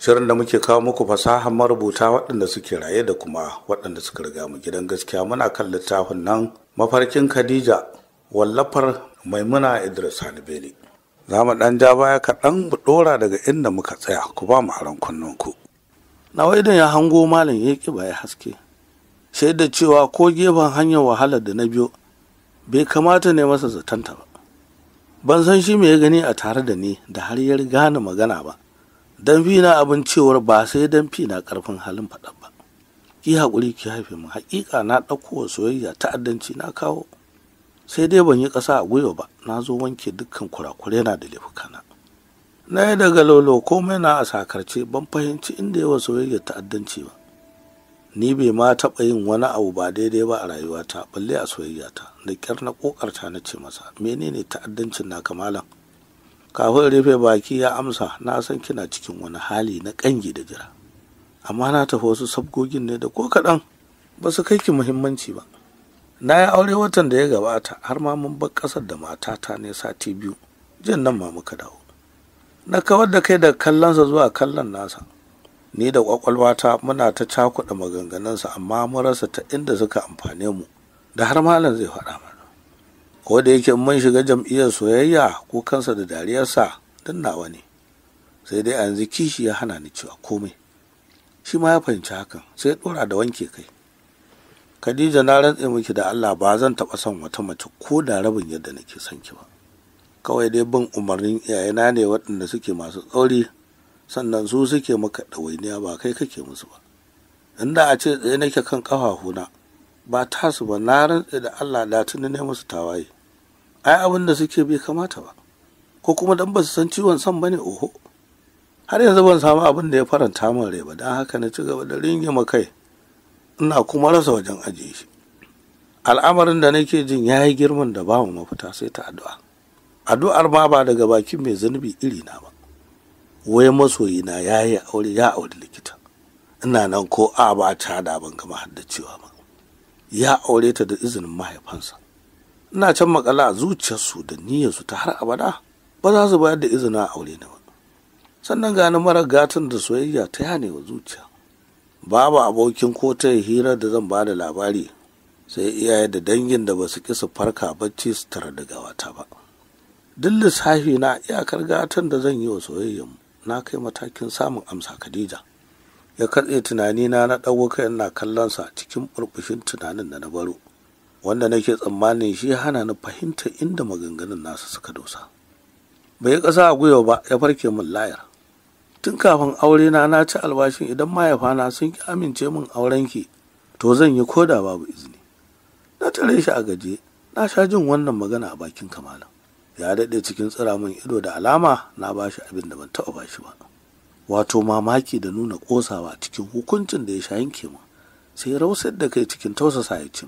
shirin da muke kawo muku fasahar marubuta waɗanda suke raye da kuma waɗanda suka riga mu gidan gaskiya muna kan littafin nan mafarkin khadija wallafar maimuna idris hanibeli za mu ɗan ja baya kaɗan mu ɗora daga inda muka tsaya ku ba mu aron na idan ya hango malam ya ki ya haske da cewa ko gefen hanyar wahalar da na biyo bai kamata ne masa zatanta ba ban san shi me ya gani a tare da ni da har ya gane magana ba dan fi na abin cewar ba sai dan fi na karfin halin faɗa ba ki haƙuri ki haife mu haƙiƙa na ɗaukowa soyayya ta'addanci na kawo sai dai ban yi ƙasa a gwiwa ba na zo wanke dukkan kurakure na da lefukana na yi daga lolo komai na a sakarce ban fahimci inda yawa soyayya ta'addanci ba ni bai ma taɓa yin wani abu ba daidai ba a rayuwata balle a soyayyata da ƙyar na ƙoƙarta na ce masa menene ta'addancin na kamalan kafin rufe baki ya amsa na san kina cikin wani hali na kangi da jira amma na tafi wasu sabgogin ne da ko kaɗan ba su kai ki muhimmanci ba na yi aure watan da ya gabata har ma mun bar ƙasar da matata ne sati biyu jin nan ma muka dawo na kawar da kai da kallonsa zuwa kallon nasa ni da kwakwalwata muna ta cakuɗa maganganunsa amma mun rasa ta inda suka amfane mu da har malam zai faɗa mana ko da yake mun shiga jam'iyyar soyayya ko kansa da dariyarsa don nawa ne sai dai yanzu kishi ya hana ni cewa komai shi ma ya fahimci hakan sai ɗora da wanke kai Khadija na rantse miki da Allah ba zan taɓa son wata mace ko da rabin yadda nake son ki ba kawai dai bin umarnin iyayena ne waɗanda suke masu tsauri sannan su suke maka ɗawainiya ba kai kake musu ba inda a ce tsaye nake kan ƙafafuna ba su ba na rantse da Allah da tuni ne musu tawaye ai abin da suke bai kamata ba ko kuma dan ba su san ciwon san bane oho har yanzu ban samu abin da ya faranta min rai ba dan haka na ci gaba da ringe ringima kai ina kuma rasa wajen ajiye shi al'amarin da nake jin yayi girman da ba mu mafita sai ta addu'a addu'ar ma ba daga bakin mai zunubi iri na ba wai masoyina yayi aure ya aure likita ina nan ko a ba ta da ban gama haddacewa ba ya aure ta da izinin mahaifansa ina can makala a zuciyarsu da niyyarsu ta har abada ba za su bayar da a aure na ba sannan gani marar gatan da soyayya ta yane wa zuciya babu abokin ko ta hirar da zan bada labari sai iyaye da dangin da ba su ƙi su farka bacci su tara da wata ba duk lissafi na iyakar gatan da zan yi wa soyayyan na kai matakin samun amsa khadija ya katse tunani na na ɗago kai ina sa cikin burbushin tunanin da na baro wanda nake tsammanin shi hana ni fahimta inda maganganun nasa suka dosa bai ƙasa a gwiwa ba ya farke min layar tun kafin aure na na ci albashin idan mahaifana sun ki amince min auren ki to zan yi koda babu izini na tare shi a gaje na sha jin wannan magana a bakin kamala ya daɗe cikin tsira min ido da alama na bashi abin da ban taɓa bashi ba wato mamaki da nuna ƙosawa cikin hukuncin da ya sha yanke mu sai rausar da kai cikin tausasa ya ce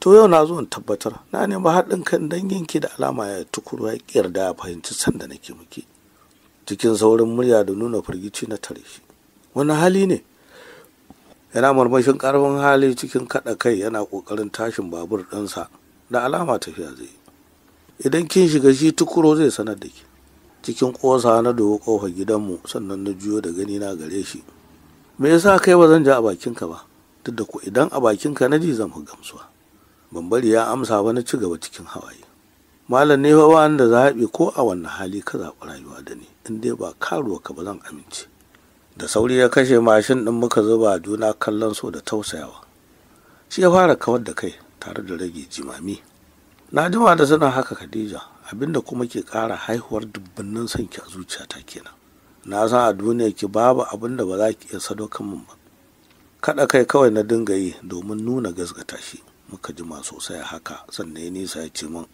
to yau na zo in tabbatar na nemi haɗin kan dangin ki da alama ya tukuru ya yarda ya fahimci sanda nake muke cikin saurin murya da nuna firgici na tare shi wani hali ne yana marmashin ƙarfin hali cikin kaɗa kai yana ƙoƙarin tashin babur ɗinsa da alama tafiya zai idan kin shiga shi tukuro zai sanar da ke cikin ƙosa na dogo ƙofar gidanmu sannan na juyo da gani na gare shi me yasa kai ba zan ja a bakinka ba duk da ku idan a bakinka na ji zan fi gamsuwa ban bari ya amsa ba na ci gaba cikin hawaye malam ne ba da zaɓi ko a wannan hali ka zaɓi rayuwa da ni in dai ba karuwa ka ba zan amince da sauri ya kashe mashin ɗin muka zuba juna kallon so da tausayawa shi ya fara kawar da kai tare da rage jimami na jima da suna haka khadija abinda kuma ke ƙara haihuwar dubbannin son ki a zuciyata kenan na san a duniya ki babu abin da ba za ki iya sadaukar min ba kaɗa kai kawai na dinga yi domin nuna gasgata shi muka jima sosai haka sannan ya nisa ya ce min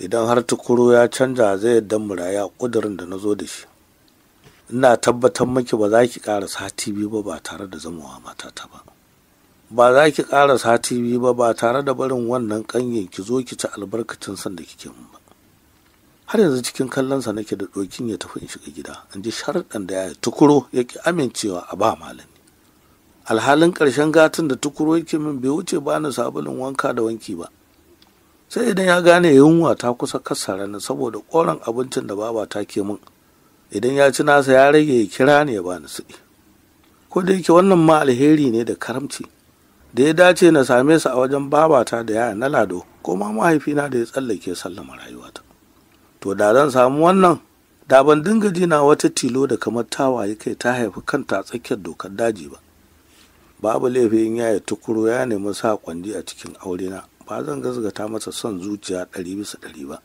idan har tukuru ya canja zai yadda muraya ƙudurin da na zo da shi ina tabbatar maki ba za ki ƙara sati biyu ba ba tare da zamawa matata ba ba za ki ƙara sati biyu ba ba tare da barin wannan ƙanyen ki zo ki ci albarkacin san da kike min ba har yanzu cikin kallonsa nake da ɗokin ya tafi in shiga gida in ji sharaɗan da ya tukuro ya ki amincewa a ba malami alhalin ƙarshen gatin da tukuro yake min bai wuce ba ni sabulin wanka da wanki ba sai idan ya gane yunwa ta kusa kassara ni saboda ƙoran abincin da baba ta ke min idan ya ci nasa ya rage ya kira ni ya bani suɗi ko da yake wannan ma alheri ne da karamci da ya dace na same su a wajen babata da yaya na lado ko ma mahaifina da ya tsallake sallama rayuwata to da zan samu wannan da ban dinga jina wata tilo da kamar tawaye kai ta haifi kanta tsakiyar dokar daji ba babu laifin yaya tukuro ya nemi sa kwanji a cikin aurena ba zan gazgata masa son zuciya ɗari bisa ɗari ba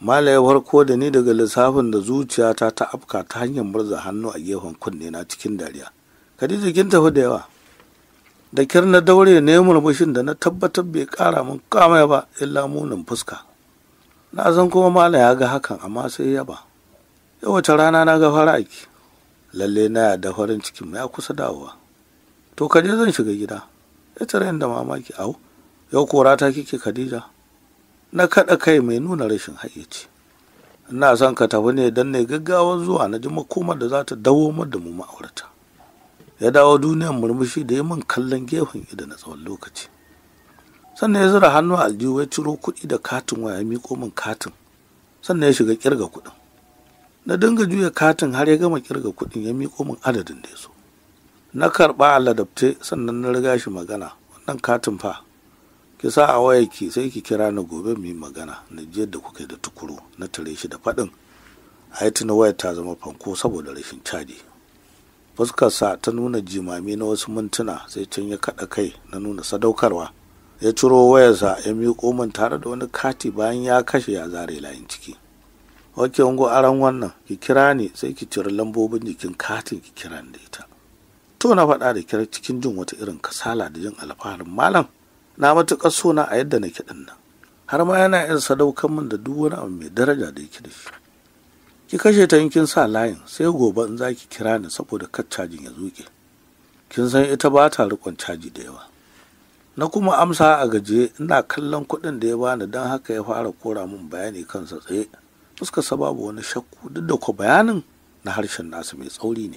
mala ya farko da ni daga lissafin da zuciyata ta afka ta hanyar murza hannu a gefen kunne na cikin dariya ka ji jikin tafi da yawa da kyar na daure ne murmushin da na tabbatar bai kara min kamai ba illa munin fuska na san kuma malam ya ga hakan amma sai yaba yau wata rana na ga aiki lalle na da farin cikin ya kusa dawowa to kaje zan shiga gida ya tare da mamaki au yau kora ta kike khadija na kada kai mai nuna rashin hayyaci ina son ka tafi ne don ne gaggawar zuwa na ji makomar da za ta dawo mu da mu ma'aurata ya dawo duniyar murmushi da yi min kallon gefen ido na tsawon lokaci sannan ya zura hannu a aljihu ya ciro kuɗi da katin waya miko min katin sannan ya shiga kirga kuɗin na dinga juya katin har ya gama kirga kuɗin ya miko min adadin da ya so na karɓa a ladabte sannan na riga shi magana wannan katin fa ki sa a waya ki sai ki kira na gobe mu yi magana na ji yadda kuka yi da tukuru na tare shi da faɗin a yi tuna wayar ta zama fanko saboda rashin caji fuskarsa ta nuna jimami na wasu mintuna sai can ya kaɗa kai na nuna sadaukarwa ya ciro wayarsa ya miƙo min tare da wani kati bayan ya kashe ya zare layin ciki wake ungo aran wannan ki kira ni sai ki ciro lambobin jikin katin ki kira ni da ita to na faɗa da kira cikin jin wata irin kasala da jin alfaharin malam na matuƙar sona a yadda na kiɗin nan har ma yana yin sadaukar min da duk wani abu mai daraja da yake da shi ki kashe ta in kin sa layin sai gobe in zaki ki kira ni saboda kar cajin ya zuke kin san ita ba ta rikon caji da yawa na kuma amsa a gaje ina kallon kuɗin da ya bani don haka ya fara kora min bayani kansa tsaye sa babu wani shakku duk da ku bayanin na harshen nasu mai tsauri ne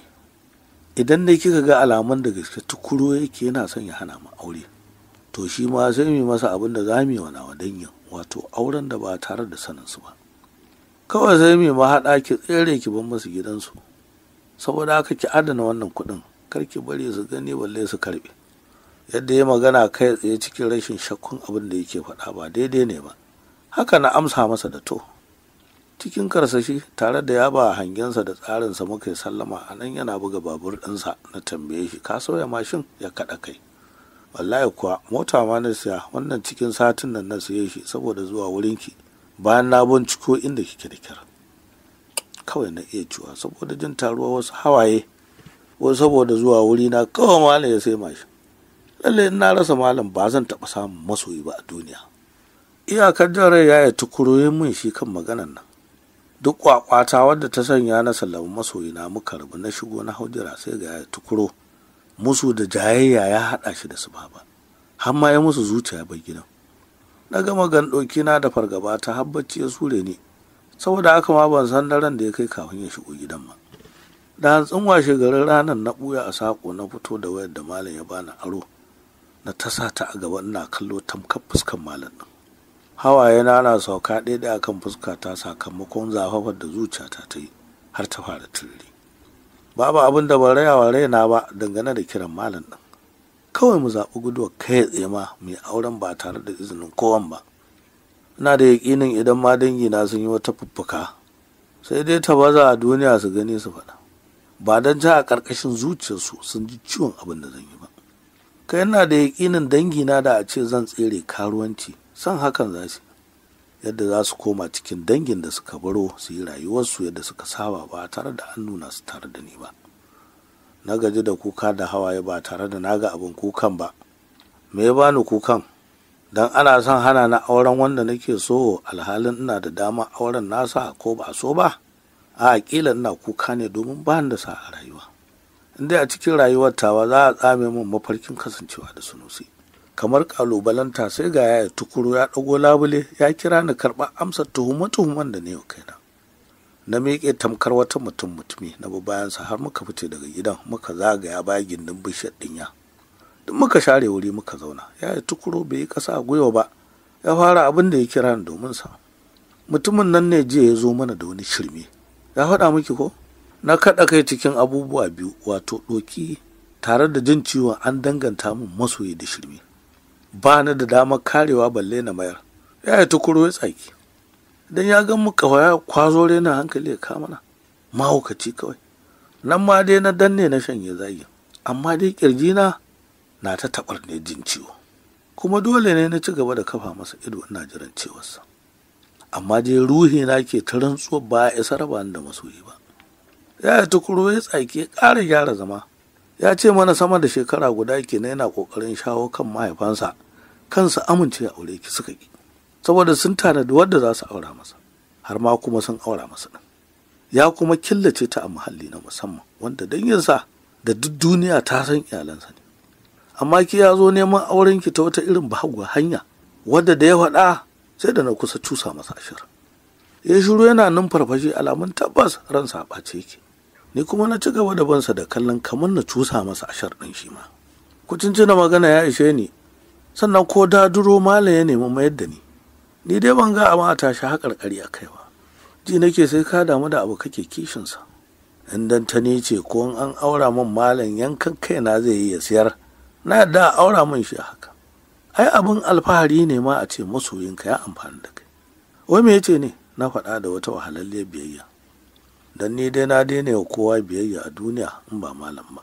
idan dai kika ga alamun da gaske tukuro yake yana son ya hana mu aure to shi ma sai mu masa abin da za mu yi wa nawa danyin wato auren da ba tare da saninsu ba kawai sai mai mahaɗa ki tsere ki bar musu gidansu saboda haka ki adana wannan kuɗin kar ki bari su gani balle su karɓe yadda ya magana kai tsaye cikin rashin shakkun abin da yake faɗa ba daidai ne ba haka na amsa masa da to cikin karsashi tare da ya ba hangensa da tsarinsa muka yi sallama a nan yana buga babur ɗinsa na tambaye shi ka sauya mashin ya kaɗa kai wallahi kuwa mota ma na siya wannan cikin satin nan na siye shi saboda zuwa wurinki bayan na binciko inda kike da kira kawai na iya cewa saboda jin taruwa wasu hawaye ko saboda zuwa wuri na kawai malam ya sai mashi lalle na rasa malam ba zan taɓa samun masoyi ba a duniya iyakar jan rai ya tukuroyi min shi kan maganan nan duk kwakwata wadda ta sanya na sallama masoyi na muka rabu na shigo na haujira sai ga ya tukuro musu da jayayya ya haɗa shi da su baba har ma ya musu zuciya bai gidan na gama gan ɗauki na da fargaba ta habbaci ya sure ni saboda haka ma ban san daren da ya kai kafin ya shigo gidan ma. da hantsin washe garin ranar na ɓuya a sako na fito da wayar da malam ya bani aro na tasa ta a gaba ina kallo tamkar fuskan malam ɗin hawaye na na sauka ɗaya ɗaya kan fuska ta sakamakon zafafar da zuciyata ta yi har ta fara tilli babu abin da ban rayawa raina ba dangane da kiran malam ɗin kawai mu zaɓi guduwa kai tsaye ma mu yi auren ba tare da izinin kowan ba ina da yaƙinin idan ma dangina sun yi wata fuffuka sai dai ta baza a duniya su gani su faɗa ba don ja a ƙarƙashin zuciyarsu sun ji ciwon abin da zan yi ba kai yana da yaƙinin dangina da a ce zan tsere karuwanci san hakan za su yadda za su koma cikin dangin da suka baro su yi rayuwarsu yadda suka saba ba tare da an nuna su tare da ni ba na gaji da kuka da hawaye ba tare da naga abin kukan ba me ya bani kukan don ana son hana na auren wanda nake so alhalin ina da dama auren nasa ko ba so ba a aƙila ina kuka ne domin ba da sa a rayuwa inda a cikin rayuwar tawa za a tsame min mafarkin kasancewa da sunusi kamar kalubalanta sai ga yaya tukuru ya ɗago labule ya kira ni karɓar amsar tuhuma tuhuman da ne kaina na miƙe tamkar wata mutum mutumi na bayansa har muka fice daga gidan muka zagaya baya gindin bishiyar dinya duk muka share wuri muka zauna ya yi tukuro bai yi ƙasa a gwiwa ba ya fara abin da ya kira ni domin sa mutumin nan ne jiya ya zo mana da wani shirme ya faɗa miki ko na kaɗa kai cikin abubuwa biyu wato ɗoki tare da jin ciwon an danganta min masoyi da shirme ba ni da damar karewa balle na mayar ya yi tukuro ya tsaki dan ya ga mu kawaya kwazo rena hankali ya kama na mahaukaci kawai nan ma dai na danne na shanye zagi amma dai kirji na na ta taɓarne ne jin ciwo kuma dole ne na ci gaba da kafa masa ido ina jiran sa. amma dai ruhi na ke ta rantsuwa ba ya isa raba da masoyi ba ya yi tukuro ya tsaki ƙara gyara zama ya ce mana sama da shekara guda kenan yana ƙoƙarin shawo kan mahaifansa kansa amince a aure ki suka ki saboda sun tanadi wadda za su aura masa har ma kuma sun aura masa ɗin ya kuma killace ta a muhalli na musamman wanda danginsa da duk duniya ta san iyalansa ne amma ki ya zo neman auren ki ta wata irin bahagwa hanya wadda da ya faɗa sai da na kusa cusa masa ashir ya shiru yana nan farfashe alamun tabbas ransa a ɓace yake ni kuma na ci gaba da bansa da kallon kamar na cusa masa ashar ɗin shi ma Kucin na magana ya ishe ni sannan ko daduro duro malam ya nemi mayar da ni ni dai ban ga abin a tashi haƙarƙari a kai ba ji nake sai ka damu da abu kake kishinsa in dan ta ni ce ko an aura min malam yankan kaina zai yi ya siyar na yadda aura min shi haka ai abin alfahari ne ma a ce masoyinka ya amfani da kai wai me yace ne na faɗa da wata wahalalliyar biyayya dan ni dai na daina kowa biyayya a duniya in ba malam ba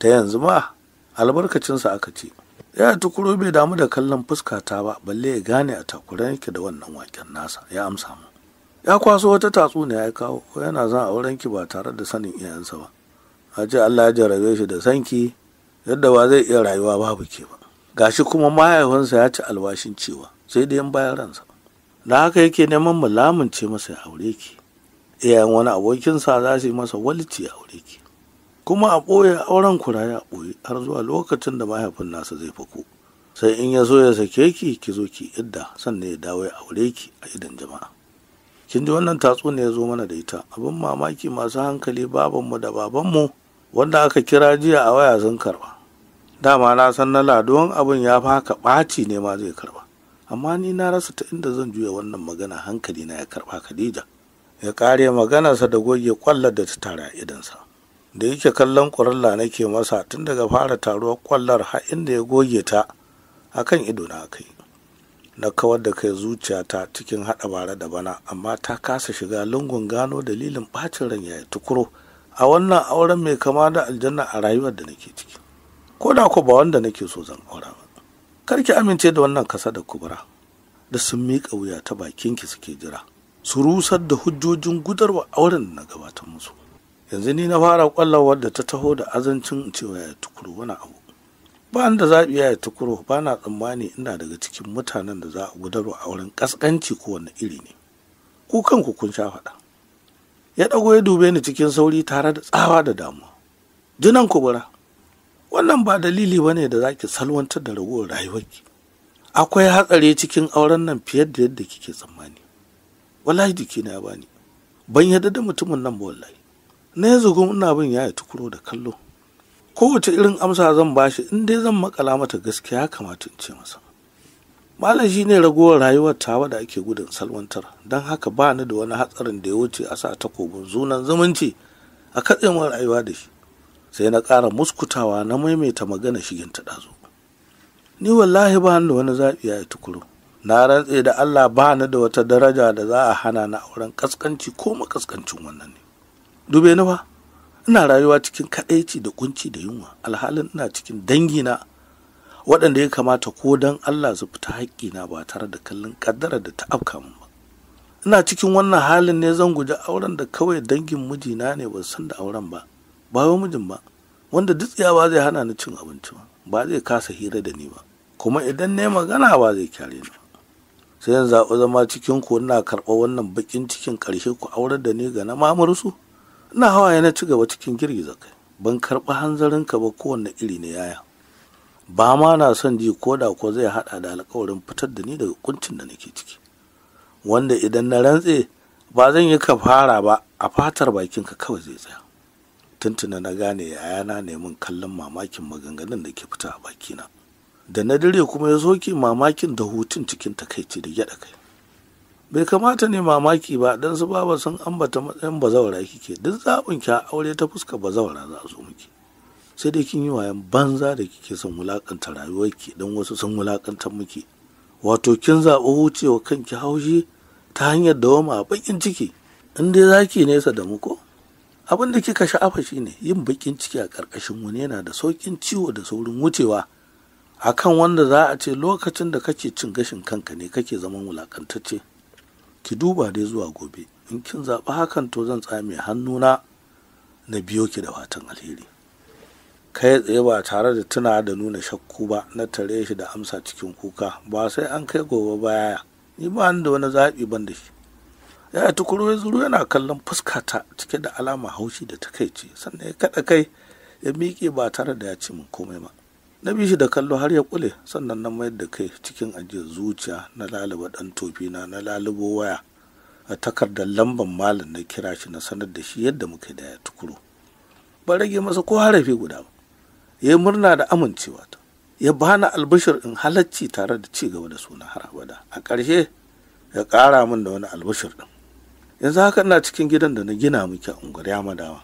ta yanzu ma albarkacinsa aka ce ya tukuro bai damu da kallon fuskata ba balle ya gane a takuran yake da wannan waken nasa ya amsa mu ya kwaso wata tatsuniya ya kawo yana zan wurin ki ba tare da sanin iyayensa ba a ce Allah ya jarabe shi da sanki yadda ba zai iya rayuwa babu ke ba gashi kuma mahaifinsa ya ci alwashin cewa sai dai bayan ransa da haka yake neman mu lamunce masa ya aure ki iyayen wani abokinsa za su yi masa walici ya aure ki kuma a ɓoye auren ku a ɓoye har zuwa lokacin da mahaifin nasa zai fako sai in ya so ya sake ki ki zo ki idda sannan ya dawo ya aure ki a idan jama'a kin ji wannan ne ya zo mana da ita abin mamaki masu hankali babanmu da babanmu wanda aka kira jiya a waya sun karba dama na san na ladon abin ya fi haka ɓaci ne ma zai karba amma ni na rasa ta inda zan juya wannan magana hankali na ya karba khadija ya kare maganarsa da goge kwallar da ta tara idansa da yake kallon ƙwararla nake masa tun daga fara taruwar ƙwallar har inda ya goge ta a kan ido na kai na kawar da kai zuciyata cikin haɗa bara da bana amma ta kasa shiga lungun gano dalilin ɓacin ran yayi tukuro a wannan auren mai kama da aljanna a rayuwar da nake ciki ko da ko ba wanda nake so zan aura ba kar ki amince da wannan kasa da kubura da sun miƙa wuya ta bakinki suke jira su rusar da hujjojin gudarwa auren na gabatar musu yanzu ni na fara kwallon wadda ta taho da azancin cewa ya tukuru wani abu ba da zaɓi ya tukuru ba na tsammani ina daga cikin mutanen da za a gudarwa a wurin ƙasƙanci ko wani iri ne ku kanku kun sha faɗa ya ɗago ya dube ni cikin sauri tare da tsawa da damuwa jinan kubura wannan ba dalili ba ne da za ki salwantar da ragowar rayuwarki akwai hatsari cikin auren nan fiye da yadda kike tsammani wallahi jikina ya bani ban yadda da mutumin nan ba wallahi na yanzu ina bin ya yi tukuro da kallo kowace irin amsa zan bashi in dai zan makala mata gaskiya ya kamata in ce masa malam shi ne ragowar rayuwar tawa da ake gudun salwantar don haka ba ni da wani hatsarin da ya wuce a sa ta takobin zunan zumunci a katsewar rayuwa da shi sai na ƙara muskutawa na maimaita magana shigin ta ɗazu ni wallahi ba ni da wani zaɓi ya yi tukuro na rantse da allah ba ni da wata daraja da za a hana na auren ƙasƙanci ko makaskancin wannan ne dube nawa, ina rayuwa cikin kadaici da kunci da yunwa alhalin ina cikin dangi na waɗanda ya kamata ko dan Allah su fita na ba tare da kallon ƙaddarar da ta afka min ba ina cikin wannan halin ne zan guji auren da kawai dangin mijina ne ba san da auren ba ba wai mijin ba wanda duk ba zai hana ni cin abinci ba ba zai kasa hira da ni ba kuma idan ne magana ba zai kyale ni sai yanzu zaɓi zama cikin ku ina karɓar wannan bakin cikin ƙarshe ku aurar da ni ga na mamursu na hawaye na ci gaba cikin girgiza kai ban karɓi hanzarin ka ba kowanne iri ne yaya ba ma na son ji ko da ko zai haɗa da alkawarin fitar da ni daga kuncin da nake ciki wanda idan na rantse ba zan yi ka fara ba a fatar bakin ka kawai zai tsaya tuntuna na gane yayana na kallon mamakin maganganun da ke fita a bakina da na dire kuma ya soke mamakin da hutun cikin takaici da gyaɗa kai bai kamata ne mamaki ba don su baba sun ambata matsayin bazawara kike duk zaɓin ki aure ta fuska bazawara za su miki sai dai kin yi wayan banza da kike son wulakanta rayuwarki don wasu sun wulaƙanta miki wato kin zaɓi wucewa kanki haushi ta hanyar dawama a bakin ciki in dai za ki nesa da muku. abin da kika sha'afa ne, yin bakin ciki a ƙarƙashin wani yana da sauƙin ciwo da saurin wucewa akan wanda za a ce lokacin da kake cin gashin kanka ne kake zaman wulaƙantacce. ki duba dai zuwa gobe in kin zaɓi hakan to zan tsame hannuna na biyo ki da watan alheri kai tsaye ba tare da tuna da nuna shakku ba na tare shi da amsa cikin kuka ba sai an kai gobe baya ni ba da wani zaɓi ban da shi ya tukuru ya zuru yana kallon fuskata cike da alama haushi da takaici sannan ya kaɗa kai ya miƙe ba tare da ya ce min komai ba na bi shi da kallo har ya kule sannan na mayar da kai cikin ajiyar zuciya na lalaba dan tofina na lalubo waya a takardar lamban malam na kira shi na sanar da shi yadda muka da ya tukuro ba rage masa ko harafi guda ba ya yi murna da amincewa ta ya bani albishir in halacci tare da ci gaba da suna har abada a ƙarshe ya ƙara min da wani albishir ɗin yanzu haka ina cikin gidan da na gina muke a unguwar yamadawa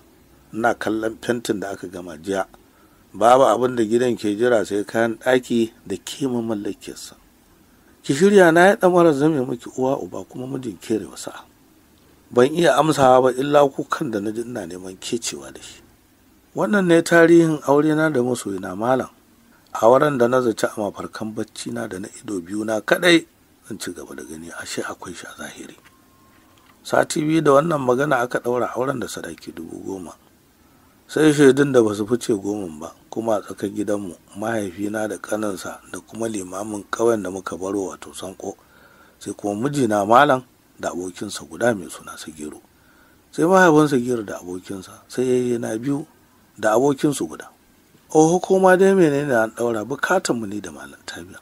ina kallon fentin da aka gama jiya babu abin da gidan ke jira sai kayan ɗaki da kima mallakinsa ki shirya na ya mara zame miki uwa uba kuma mijin kere wasa ban iya amsawa ba illa kukan da na ji ina neman kecewa da shi wannan ne tarihin aure na da masoyi na malam a wurin da na zaci a mafarkan bacci na da na ido biyu na kadai zan ci gaba da gani ashe akwai shi a zahiri sati biyu da wannan magana aka ɗaura auren da sadaki dubu goma sai shaidun da ba su fice gomin ba kuma a tsakar gidanmu mahaifina da kaninsa da kuma limamin ƙauyen da muka baro wato sanko sai kuma mijina malam da abokinsa guda mai suna sagiro sai mahaifin sagiro da abokinsa sai yayye na biyu da abokinsu guda Oh hukuma dai menene an ɗaura mu ne da malam tabiya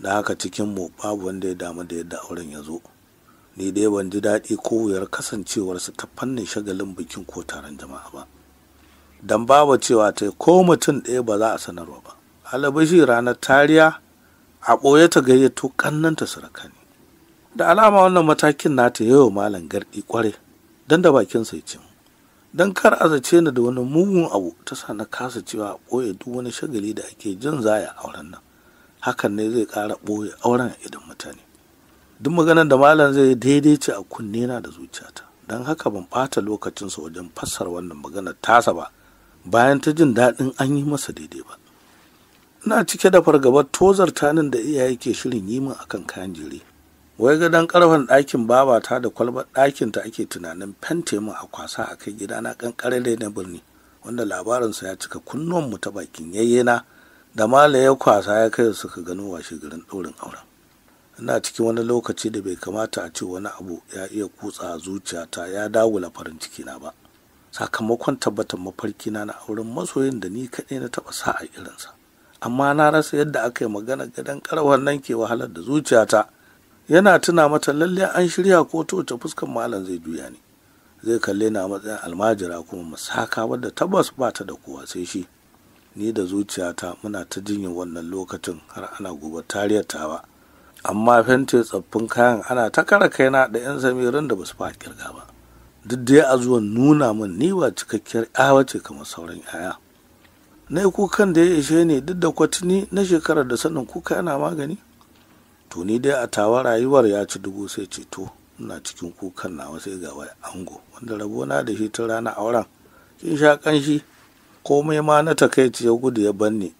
da haka cikin mu babu wanda ya damu da yadda auren ya zo ni dai ban ji daɗi ko wuyar kasancewarsu ta fannin shagalin bikin ko taron jama'a ba don babu cewa ta ko mutum ɗaya ba za a sanarwa ba alabashi ranar tariya a ɓoye ta gayyato suraka ne da alama wannan matakin na nata yau malam gardi kware don da bakin sai ce don kar a zace ni da wani mugun abu ta sa na kasa cewa a ɓoye duk wani shagali da ake jin zaya auren nan hakan ne zai ƙara ɓoye auren a idan mutane duk maganar da malam zai daidai ce a kunne na da zuciyata don haka ban ɓata lokacinsa wajen fassara wannan maganar tasa ba bayan ta jin daɗin an yi masa daidai ba ina cike da fargabar tozar tanin da iyaye ke shirin yi min akan kayan jere wai ga gadon karfan ɗakin babata da kwalbar ɗakin ta ake tunanin fente min a kwasa a kai gidana kankare na birni wanda labarinsa ya cika kunnuwan mu ta bakin yayyena da mala ya kwasa ya kai suka gano washe garin ɗorin aure. ina cikin wani lokaci da bai kamata a ce wani abu ya iya kutsa zuciyata ya dagula farin cikina ba sakamakon tabbatar mafarki na na auren masoyin da ni kaɗai na taɓa sa a irinsa amma na rasa yadda aka yi magana gadon ƙarawar nan ke wahalar da zuciyata yana tuna mata lalle an shirya ko to ta fuskan malam zai juya ni zai kalle na matsayin almajira kuma masaka wadda tabbas ba ta da kowa sai shi ni da zuciyata muna ta jinya wannan lokacin har ana gobe tariyar ba, amma fente tsaffin kayan ana ta kara kaina da yan samirin da ba su fa kirga ba duk da ya zuwan nuna min ni ba cikakkiyar ya ce kamar sauran yaya na yi kukan da ya ishe ne duk da kwatini na shekarar da sanin kuka yana magani to ni dai a tawa rayuwar ya ci dubu sai ceto ina cikin kukan nawa sai ga wai ango wanda rabona da shi ta rana auren kin sha kanshi komai ma na takaici ya gudu ya banne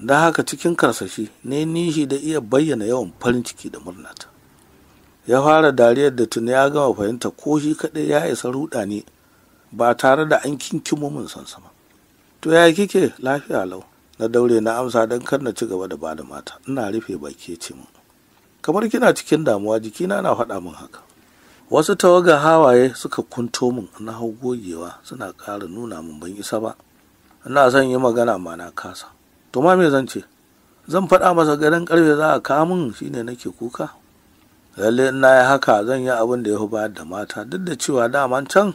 da haka cikin karsashi ne nishi da iya bayyana yawan farin ciki da murnata ya fara dariyar da tuni ya gama fahimta ko shi kaɗai ya isa ruɗa ne ba tare da an kinkimo min sansama to ya kike lafiya lau na daure na amsa don kar na ci gaba da bada mata ina rufe baki ce min kamar kina cikin damuwa jikina na faɗa min haka wasu tawaga hawaye suka kunto min na hau gogewa suna ƙara nuna min ban isa ba ina son yi magana ma na kasa to ma me zan ce zan faɗa masa ganin ƙarfe za a kamun shine nake kuka lalle na yi haka zan yi abin da ya fi bayar da mata duk da cewa daman can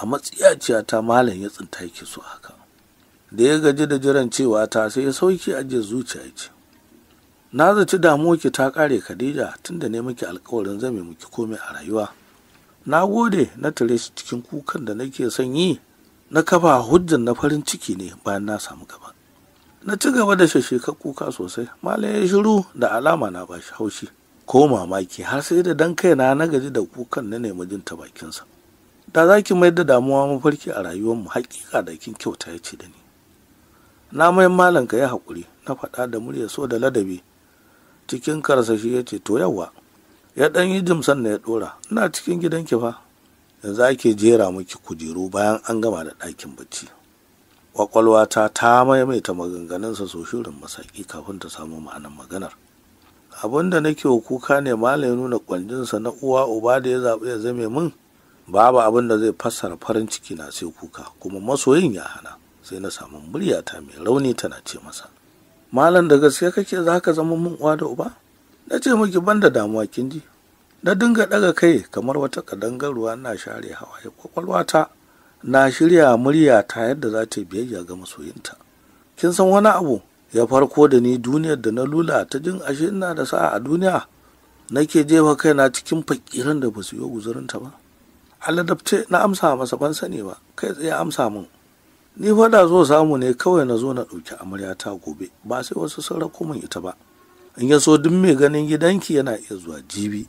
a matsiyaciya ta malam ya tsinta yake su haka da ya gaji da jiran cewa ta sai ya sauki ajiye zuciya ce na zaci damuwa ki ta kare khadija tunda ne muke alkawarin zame muke komai a rayuwa na gode na tare shi cikin kukan da nake son yi na kafa hujjan na farin ciki ne bayan na samu gaba na ci gaba da shashe kuka sosai malam ya shiru da alama na bashi haushi ko mamaki har sai da dan kaina na gaji da kukan na nemi jin ta bakinsa da za ki mayar da damuwa mafarki a rayuwar mu hakika da kin kyauta ya ce da ni na mayan malam ka yi haƙuri na faɗa da murya so da ladabi cikin karsashi ya ce to yawa ya ɗan yi jimsan na ya ɗora ina cikin gidanki fa yanzu ake jera miki kujeru bayan an gama da ɗakin bacci ƙwaƙwalwata ta maimaita maganganunsa so shirin masaki kafin ta samu ma'anar maganar abin da nake kuka ne malam ya nuna kwanjinsa na uwa uba da ya zaɓi ya zame min babu abin da zai fassara farin ciki na sai kuka kuma masoyin ya hana sai na samu muryata mai rauni tana ce masa malam da gaske kake za ka zama min uwa da uba na ce miki ban da damuwa kin ji na dinga ɗaga kai kamar wata kadangarwa na share hawaye kwakwalwata na shirya muryata yadda za ta biyayya ga masoyinta kin san wani abu ya farko da ni duniyar da na lula ta jin ashe ina da sa'a a duniya nake jefa kaina cikin fakiran da ba su yi guzurinta ba aladabce na amsa masa ban sani ba kai tsaye amsa min ni fada zo samu ne kawai na zo na ɗauki amaryata gobe ba sai wasu sun rako min ita ba in ya so duk mai ganin gidanki yana iya zuwa jibi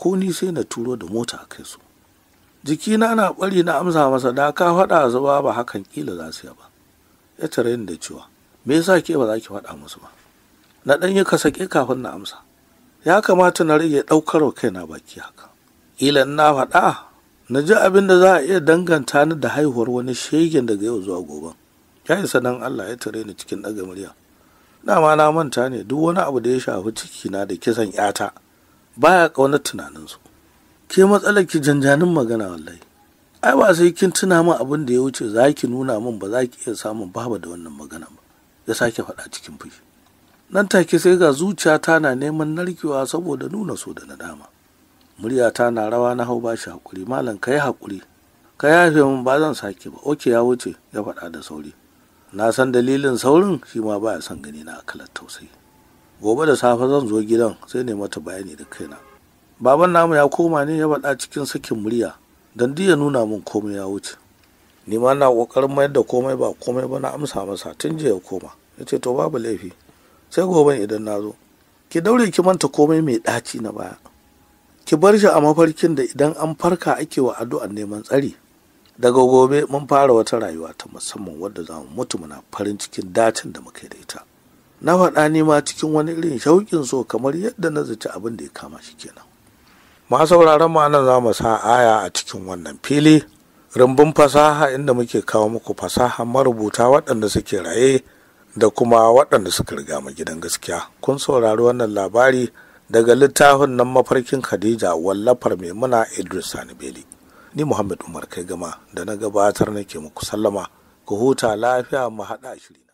ko ni sai na turo da mota a kai su jikina na bari na amsa masa da ka faɗa zuwa ba hakan kila za su yaba ya tare da cewa me yasa ke ba za ki faɗa musu ba na ɗan yi saƙe kafin na amsa ya kamata na rage ɗaukar wa kaina baki haka ila na faɗa na ji abin da za a iya danganta ni da haihuwar wani shegen daga yau zuwa gobe ya yi sanan Allah ya tare ni cikin ɗaga murya dama na manta ne duk wani abu da ya shafi cikina da kisan yata baya ƙaunar tunaninsu ke matsalar ki janjanin magana wallahi ai ba sai kin tuna min abin da ya wuce za ki nuna min ba za ki iya samun baba da wannan magana ba ya sake faɗa cikin fushi nan take sai ga zuciya ta na neman narkewa saboda nuna so da nadama ta na rawa na hau bashi hakuri malam kai yi hakuri ka yafe min ba zan sake ba oke ya wuce ya faɗa da sauri na san dalilin saurin shi ma baya son gani na akalar tausayi gobe da safe zan zo gidan sai ne mata bayani da kaina baban namu ya koma ne ya faɗa cikin sakin murya dan ya nuna min komai ya wuce ni ma na kokarin mayar da komai ba komai ba na amsa masa tun jiya koma ya ce to babu laifi sai gobe idan na zo ki daure ki manta komai mai ɗaci na baya ki bar shi a mafarkin da idan an farka ake wa addu'ar neman tsari daga gobe mun fara wata rayuwa ta musamman wadda za mu mutu muna farin cikin dacin da muka da ita na faɗa ni ma cikin wani irin shauƙin so kamar yadda na zaci abin da ya kama shi kenan ma sauraron ma nan za mu sa aya a cikin wannan fili rumbun fasaha inda muke kawo muku fasaha marubuta waɗanda suke raye da kuma waɗanda suka riga mu gidan gaskiya kun saurari wannan labari daga littafin nan mafarkin khadija wallafar maimuna idris sani beli ni muhammad umar kai gama da na gabatar nake muku sallama ku huta lafiya mu haɗa shiri